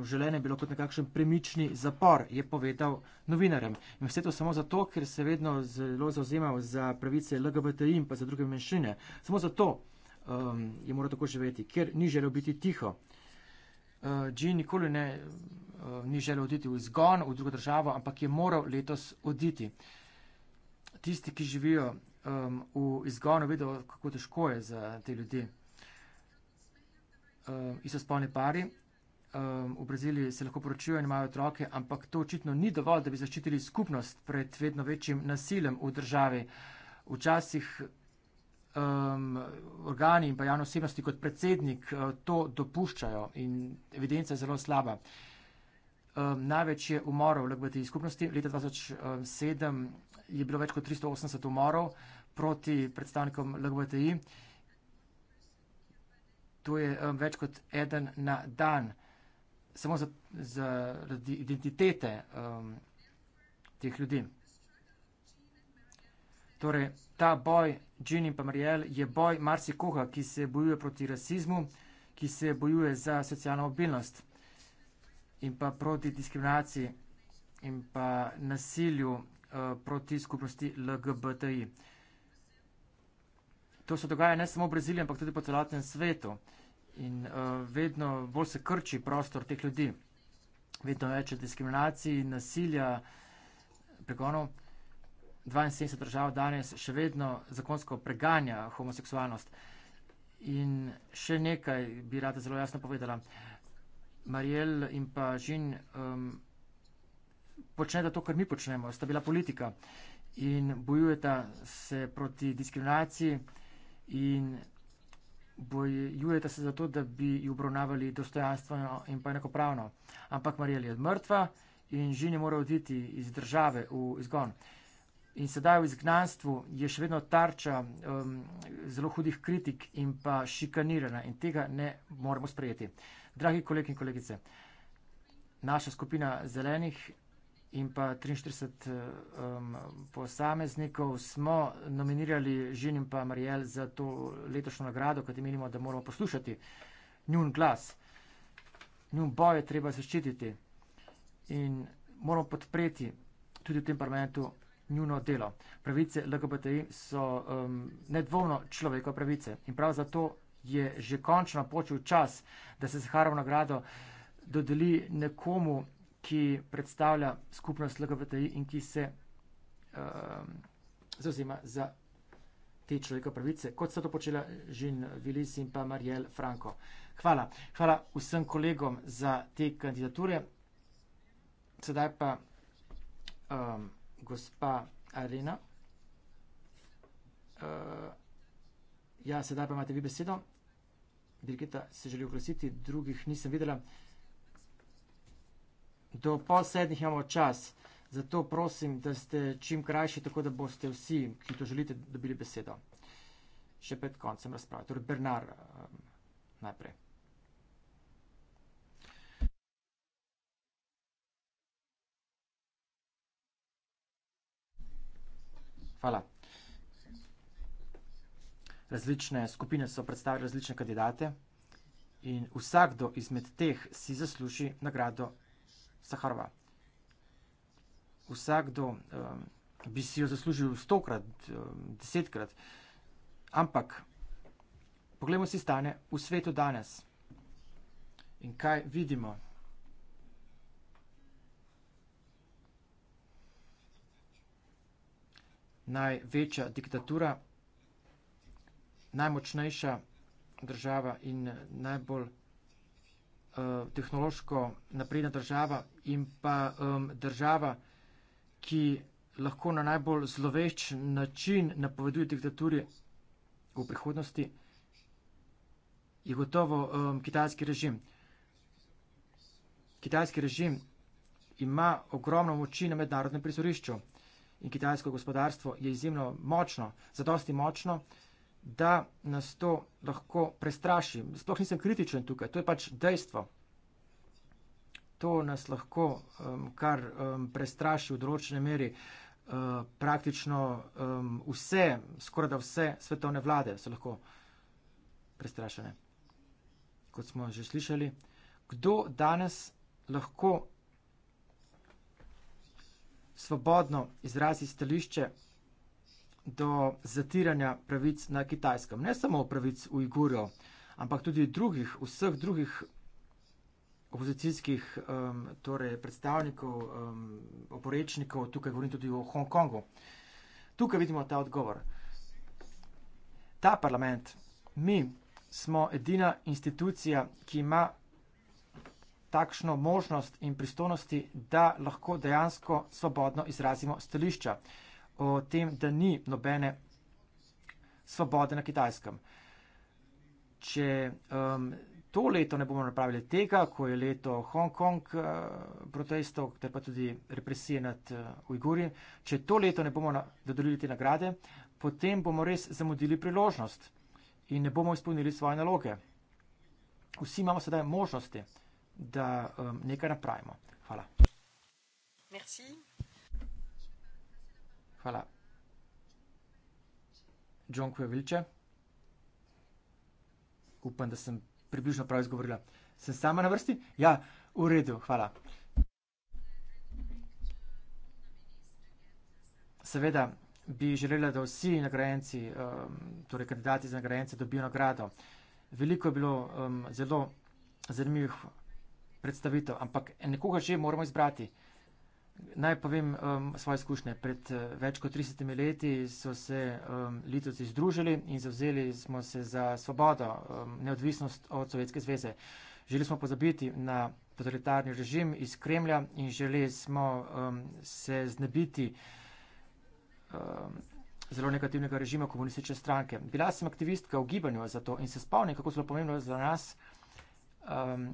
eh, želene je bilo kot nekakšen premični zapor, je povedal novinarem. In vse to samo zato, ker se je vedno zelo zauzemal za pravice LGBTI in pa za druge menšine. Samo zato um, je moral tako živeti, ker ni želel biti tiho uh, eh, Džin nikoli ne, uh, ni želel oditi v izgon, v drugo državo, ampak je moral letos oditi. Tisti, ki živijo um, v izgonu, vedo, kako težko je za te ljudi. Um, Isto spolni pari um, v Braziliji se lahko poročijo in imajo otroke, ampak to očitno ni dovolj, da bi zaščitili skupnost pred vedno večjim nasiljem v državi. Včasih um, organi in pa javno osebnosti kot predsednik uh, to dopuščajo in evidenca je zelo slaba. Um, največ je umorov v LGBT skupnosti. Leta 2007 je bilo več kot 380 umorov proti predstavnikom LGBT. To je um, več kot eden na dan. Samo zaradi za identitete um, teh ljudi. Torej, ta boj, Džin in Pamriel, je boj marsikoga, ki se bojuje proti rasizmu, ki se bojuje za socialno mobilnost in pa proti diskriminaciji in pa nasilju uh, proti skupnosti LGBTI. To se dogaja ne samo v Braziliji, ampak tudi po celotnem svetu in uh, vedno bolj se krči prostor teh ljudi. Vedno več diskriminacij, nasilja, pregonov. 72 držav danes še vedno zakonsko preganja homoseksualnost. In še nekaj bi rada zelo jasno povedala. Marijel in pa Žin um, počnejo to, kar mi počnemo, sta bila politika in bojujeta se proti diskriminaciji in bojujeta se za to, da bi jo obravnavali dostojanstveno in pa enakopravno. Ampak Marijel je mrtva in Žin je moral oditi iz države v izgon in sedaj v izgnanstvu je še vedno tarča um, zelo hudih kritik in pa šikanirana in tega ne moramo sprejeti. Dragi kolegi in kolegice, naša skupina zelenih in pa 43 um, posameznikov smo nominirali Žin in pa Marijel za to letošnjo nagrado, kaj ti menimo, da moramo poslušati njun glas, njun boje treba zaščititi in moramo podpreti tudi v tem parlamentu njuno delo. Pravice LGBTI so um, nedvomno človeko pravice in prav zato je že končno počel čas, da se Zaharov nagrado dodeli nekomu, ki predstavlja skupnost LGBTI in ki se um, zauzema za te človeko pravice, kot so to počela Žin Vilis in pa Marijel Franko. Hvala. Hvala vsem kolegom za te kandidature. Sedaj pa. Um, gospa Arena. Uh, ja, sedaj pa imate vi besedo. Birgita se želi oglasiti, drugih nisem videla. Do pol sedmih imamo čas, zato prosim, da ste čim krajši, tako da boste vsi, ki to želite, dobili besedo. Še pred koncem razprave. Torej, Bernard, um, najprej. Hvala. Različne skupine so predstavile različne kandidate in vsakdo izmed teh si zasluži nagrado Saharova. Vsakdo um, bi si jo zaslužil stokrat, um, desetkrat, ampak poglejmo si stane v svetu danes in kaj vidimo. največja diktatura, najmočnejša država in najbolj uh, tehnološko napredna država in pa um, država, ki lahko na najbolj zlovešč način napoveduje diktaturi v prihodnosti, je gotovo um, kitajski režim. Kitajski režim ima ogromno moči na mednarodnem prizorišču in kitajsko gospodarstvo je izjemno močno, zadosti močno, da nas to lahko prestraši. Sploh nisem kritičen tukaj, to je pač dejstvo. To nas lahko um, kar um, prestraši v določene meri. Uh, praktično um, vse, skoraj da vse svetovne vlade so lahko prestrašene. Kot smo že slišali, kdo danes lahko svobodno izrazi stališče do zatiranja pravic na kitajskem. Ne samo pravic Ujgurjev, ampak tudi drugih, vseh drugih opozicijskih um, torej predstavnikov, um, oporečnikov, tukaj govorim tudi o Hongkongu. Tukaj vidimo ta odgovor. Ta parlament, mi smo edina institucija, ki ima takšno možnost in pristojnosti, da lahko dejansko svobodno izrazimo stališča o tem, da ni nobene svobode na kitajskem. Če um, to leto ne bomo napravili tega, ko je leto Hongkong uh, protestov, ter pa tudi represije nad uh, Ujguri, če to leto ne bomo dodelili te nagrade, potem bomo res zamudili priložnost in ne bomo izpolnili svoje naloge. Vsi imamo sedaj možnosti da um, nekaj napravimo. Hvala. Merci. Hvala. John Kvevilče. Upam, da sem približno prav izgovorila. Sem sama na vrsti? Ja, v redu, hvala. Seveda bi želela, da vsi nagrajenci, um, torej kandidati za nagrajence, dobijo nagrado. Veliko je bilo um, zelo zanimivih predstavitev, ampak nekoga že moramo izbrati. Naj povem um, svoje izkušnje. Pred uh, več kot 30 leti so se um, Litovci združili in zavzeli smo se za svobodo, um, neodvisnost od Sovjetske zveze. Želeli smo pozabiti na totalitarni režim iz Kremlja in želeli smo um, se znebiti um, zelo negativnega režima komunistične stranke. Bila sem aktivistka v gibanju za to in se spomnim, kako zelo pomembno je za nas. Um,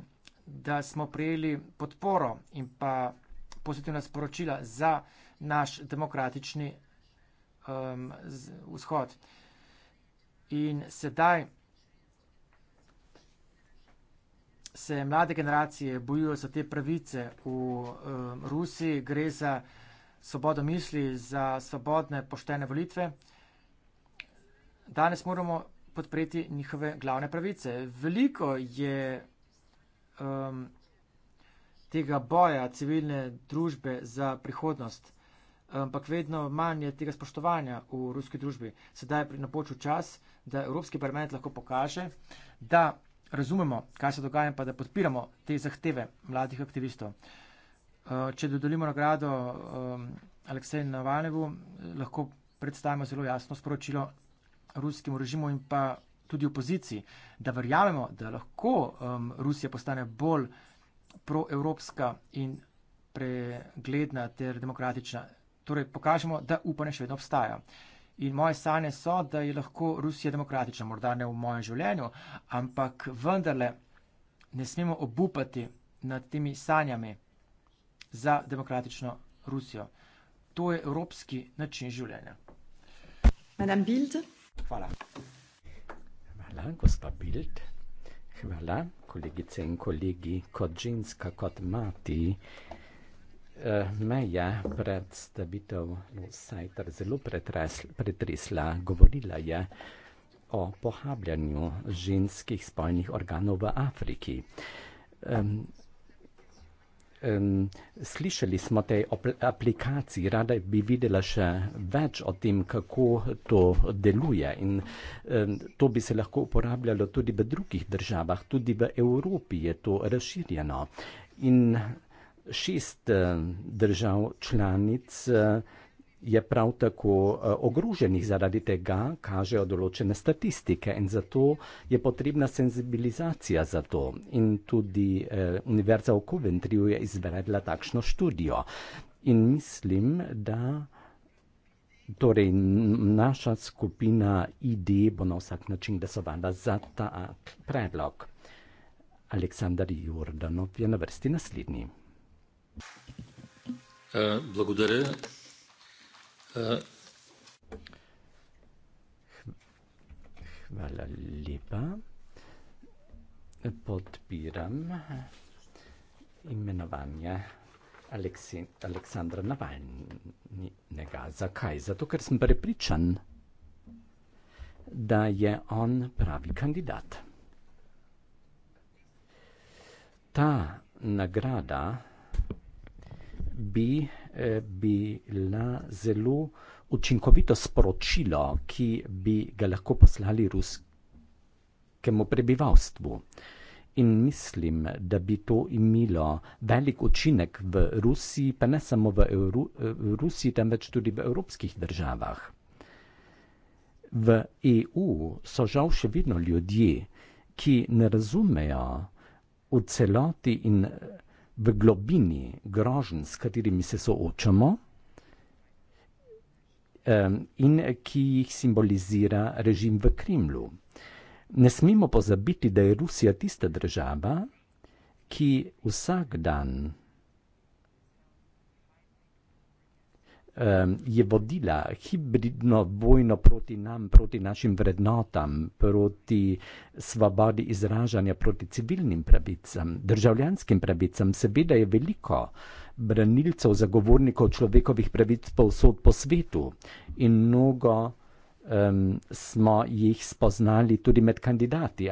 da smo prijeli podporo in pa pozitivna sporočila za naš demokratični um, vzhod. In sedaj se mlade generacije bojijo za te pravice v um, Rusiji, gre za svobodo misli, za svobodne poštene volitve. Danes moramo podpreti njihove glavne pravice. Veliko je um, tega boja civilne družbe za prihodnost, ampak vedno manj je tega spoštovanja v ruski družbi. Sedaj je pri napočju čas, da Evropski parlament lahko pokaže, da razumemo, kaj se dogaja in pa da podpiramo te zahteve mladih aktivistov. Uh, če dodelimo nagrado um, Aleksej Navalnevu, lahko predstavimo zelo jasno sporočilo ruskemu režimu in pa tudi opoziciji, da verjamemo, da lahko um, Rusija postane bolj proevropska in pregledna ter demokratična. Torej, pokažemo, da upanje še vedno obstaja. In moje sanje so, da je lahko Rusija demokratična, morda ne v mojem življenju, ampak vendarle ne smemo obupati nad temi sanjami za demokratično Rusijo. To je evropski način življenja. Madame Bild. Hvala. Hvala, gospa Bild. Hvala, kolegice in kolegi, kot ženska, kot mati. Eh, Meja predstavitev Sajter zelo pretresla. Govorila je o pohabljanju ženskih spolnih organov v Afriki. Um, slišali smo tej aplikaciji, rada bi videla še več o tem, kako to deluje in um, to bi se lahko uporabljalo tudi v drugih državah, tudi v Evropi je to razširjeno. In šest uh, držav članic uh, je prav tako eh, ogroženih zaradi tega, kažejo določene statistike in zato je potrebna senzibilizacija za to. In tudi eh, Univerza v Coventryju je izvedla takšno študijo. In mislim, da torej, naša skupina ID bo na vsak način glasovala za ta eh, predlog. Aleksandar Jordanov je na vrsti naslednji. Uh, благодаря. Hvala lepa. Podpiram imenovanje Aleksi, Aleksandra Navalnega. Zakaj? Zato, ker sem prepričan, da je on pravi kandidat. Ta nagrada bi bila zelo učinkovito sporočilo, ki bi ga lahko poslali ruskemu prebivalstvu. In mislim, da bi to imelo velik učinek v Rusiji, pa ne samo v, Evru, v Rusiji, temveč tudi v evropskih državah. V EU so žal še vedno ljudje, ki ne razumejo v celoti in v globini grožen, s katerimi se soočamo, in ki jih simbolizira režim v Kremlu. Ne smemo pozabiti, da je Rusija tista država, ki vsak dan um, je vodila hibridno vojno proti nam, proti našim vrednotam, proti svobodi izražanja, proti civilnim pravicam, državljanskim pravicam. Seveda je veliko branilcev, zagovornikov človekovih pravic povsod po svetu in mnogo um, smo jih spoznali tudi med kandidati.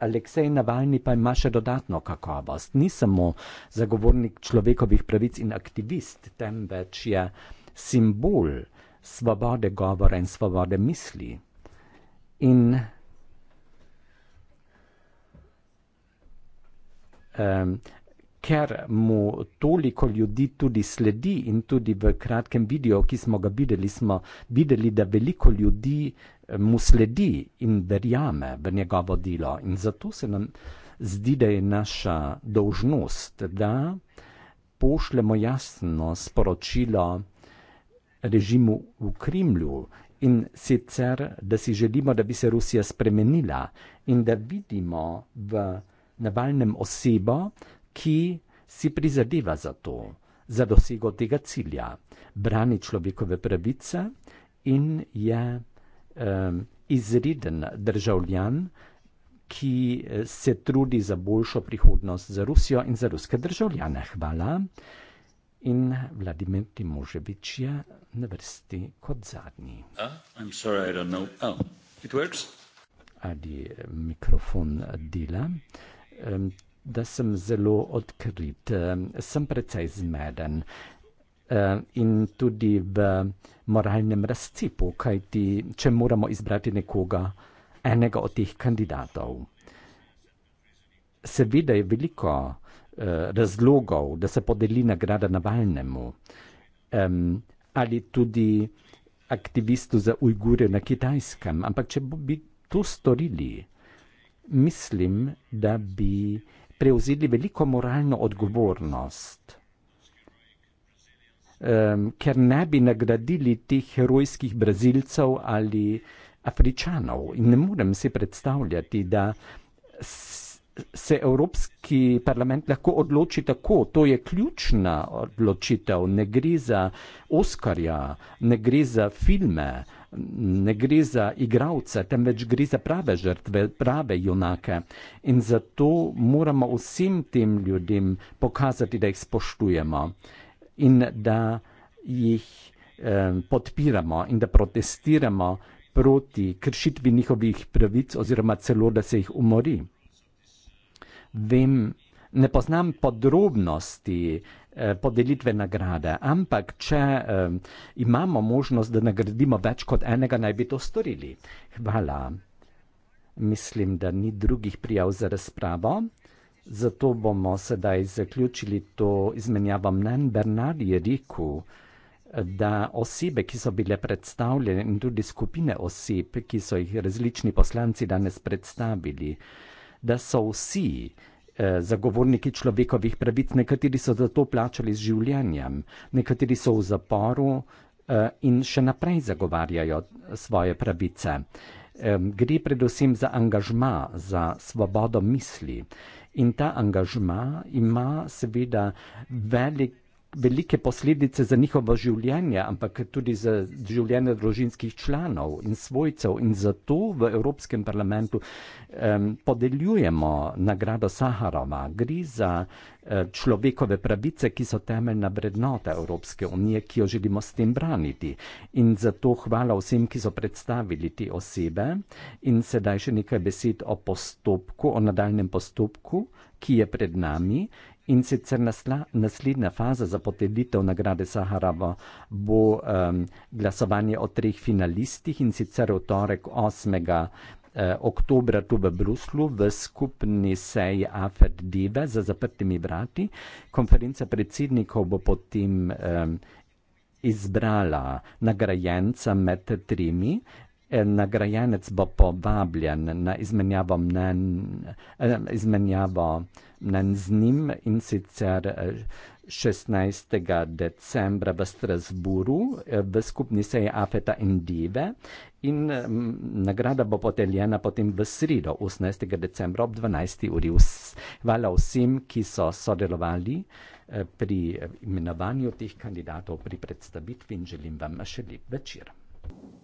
Aleksej Navalni pa ima še dodatno kakovost. Ni samo zagovornik človekovih pravic in aktivist, temveč je simbol svobode govora in svobode misli. In um, ker mu toliko ljudi tudi sledi in tudi v kratkem videu, ki smo ga videli, smo videli, da veliko ljudi eh, mu sledi in verjame v njegovo delo. In zato se nam zdi, da je naša dolžnost, da pošljemo jasno sporočilo režimu v Kremlju. In sicer, da si želimo, da bi se Rusija spremenila in da vidimo v Navalnem osebo, ki si prizadeva za to, za dosego tega cilja, brani človekove pravice in je um, izreden državljan, ki eh, se trudi za boljšo prihodnost za Rusijo in za ruske državljane. Hvala. In Vladimir Timožević je na vrsti kot zadnji. Uh, Ali mikrofon dela? da sem zelo odkrit, sem precej zmeden in tudi v moralnem razcipu, kajti če moramo izbrati nekoga, enega od teh kandidatov. Seveda je veliko eh, razlogov, da se podeli nagrada Navalnemu ali tudi aktivistu za Ujgure na Kitajskem, ampak če bi to storili, mislim, da bi prevzeli veliko moralno odgovornost, um, ker ne bi nagradili teh herojskih brazilcev ali afričanov. In ne morem si predstavljati, da se Evropski parlament lahko odloči tako. To je ključna odločitev. Ne gre za Oskarja, ne gre za filme, ne gre za igravce, temveč gre za prave žrtve, prave junake. In zato moramo vsem tem ljudem pokazati, da jih spoštujemo in da jih eh, podpiramo in da protestiramo proti kršitvi njihovih pravic oziroma celo, da se jih umori. Vem, ne poznam podrobnosti eh, podelitve nagrade, ampak če eh, imamo možnost, da nagradimo več kot enega, naj bi to storili. Hvala. Mislim, da ni drugih prijav za razpravo. Zato bomo sedaj zaključili to izmenjavo mnen. Bernard je rekel, da osebe, ki so bile predstavljene in tudi skupine oseb, ki so jih različni poslanci danes predstavili, da so vsi Eh, zagovorniki človekovih pravic, nekateri so za to plačali z življenjem, nekateri so v zaporu eh, in še naprej zagovarjajo svoje pravice. Gre predvsem za angažma, za svobodo misli. In ta angažma ima seveda velik velike posledice za njihovo življenje, ampak tudi za življenje družinskih članov in svojcev. In zato v Evropskem parlamentu um, podeljujemo nagrado Saharova. Gre za uh, človekove pravice, ki so temeljna vrednota Evropske unije, ki jo želimo s tem braniti. In zato hvala vsem, ki so predstavili te osebe. In sedaj še nekaj besed o postopku, o nadaljem postopku, ki je pred nami. In sicer nasla, naslednja faza za potreditev nagrade Saharava bo um, glasovanje o treh finalistih in sicer v torek 8. E, Oktober tu v Bruslu v skupni seji AFED Dive za zaprtimi vrati. Konferenca predsednikov bo potem eh, izbrala nagrajenca med tremi nagrajenec bo povabljen na izmenjavo mnen, eh, izmenjavo mnen z njim in sicer 16. Eh, decembra v Strasburu eh, v skupni seji Afeta in Dive in mm, nagrada bo podeljena potem v sredo 18. decembra ob 12. uri. Hvala vsem, ki so sodelovali pri imenovanju teh kandidatov pri predstavitvi in želim vam še lep večer. thank you